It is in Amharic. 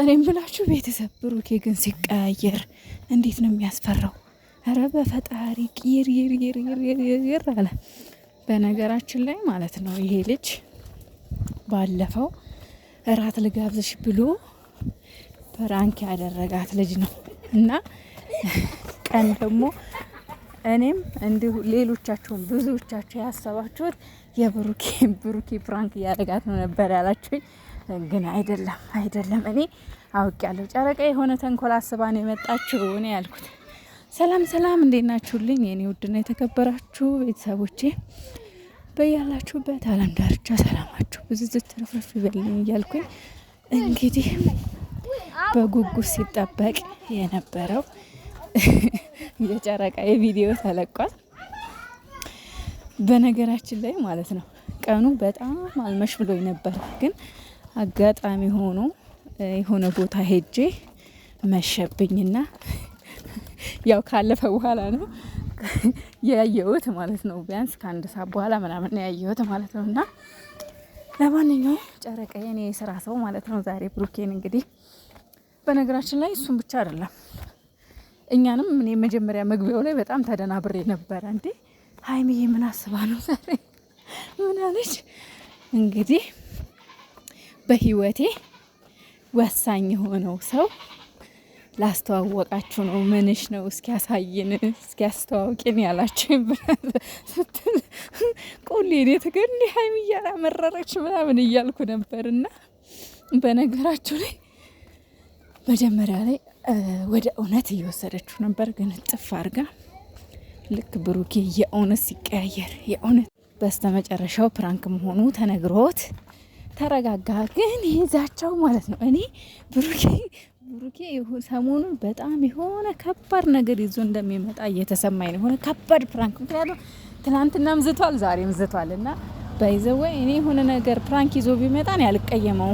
እኔ የምላችሁ ቤተሰብ ብሩኬ ግን ሲቀያየር እንዴት ነው የሚያስፈራው! ኧረ በፈጣሪ ቂር አለ። በነገራችን ላይ ማለት ነው ይሄ ልጅ ባለፈው እራት ልጋብዝሽ ብሎ ፕራንክ ያደረጋት ልጅ ነው እና ቀን ደግሞ እኔም እንዲሁ ሌሎቻችሁም ብዙዎቻችሁ ያሰባችሁት የብሩኬ ብሩኬ ፕራንክ እያደረጋት ነው ነበር ያላችሁኝ፣ ግን አይደለም አይደለም። እኔ አውቅ ያለው ጨረቃ የሆነ ተንኮል አስባ ነው የመጣችሁ እኔ ያልኩት። ሰላም ሰላም፣ እንዴት ናችሁልኝ የኔ ውድና የተከበራችሁ ቤተሰቦቼ? በያላችሁበት አለም ዳርቻ ሰላማችሁ ብዙ ትርፍርፍ ይበልኝ እያልኩኝ እንግዲህ በጉጉት ሲጠበቅ የነበረው የጨረቃ የቪዲዮ ተለቋል። በነገራችን ላይ ማለት ነው ቀኑ በጣም አልመሽ ብሎ ነበር፣ ግን አጋጣሚ ሆኖ የሆነ ቦታ ሄጄ መሸብኝና ያው ካለፈ በኋላ ነው ያየሁት ማለት ነው። ቢያንስ ከአንድ ሰዓት በኋላ ምናምን ነው ያየሁት ማለት ነው። እና ለማንኛውም ጨረቃ የኔ የስራ ሰው ማለት ነው ዛሬ ብሩኬን እንግዲህ በነገራችን ላይ እሱም ብቻ አይደለም እኛንም እኔ መጀመሪያ መግቢያው ላይ በጣም ተደናብሬ ነበረ። እንዴ ሀይሚዬ ምን አስባ ነው ዛሬ ምን አለች? እንግዲህ በህይወቴ ወሳኝ የሆነው ሰው ላስተዋወቃችሁ ነው። ምንሽ ነው እስኪያሳይን እስኪያስተዋውቂን ያላችሁ ስትል ቆሌ እኔ ትግል ሀይሚ እያላመረረች ምናምን እያልኩ ነበርና በነገራችሁ ላይ መጀመሪያ ላይ ወደ እውነት እየወሰደችው ነበር። ግን ጥፍ አርጋ ልክ ብሩኬ የእውነት ሲቀያየር የእውነት በስተ መጨረሻው ፕራንክ መሆኑ ተነግሮት ተረጋጋ። ግን ይዛቸው ማለት ነው እኔ ብሩኬ ብሩኬ ሰሞኑን በጣም የሆነ ከባድ ነገር ይዞ እንደሚመጣ እየተሰማኝ ነው። የሆነ ከባድ ፕራንክ ምክንያቱም ትናንትናም ዝቷል፣ ዛሬም ዝቷል እና ባይዘወይ እኔ የሆነ ነገር ፕራንክ ይዞ ቢመጣን ነው ያልቀየመው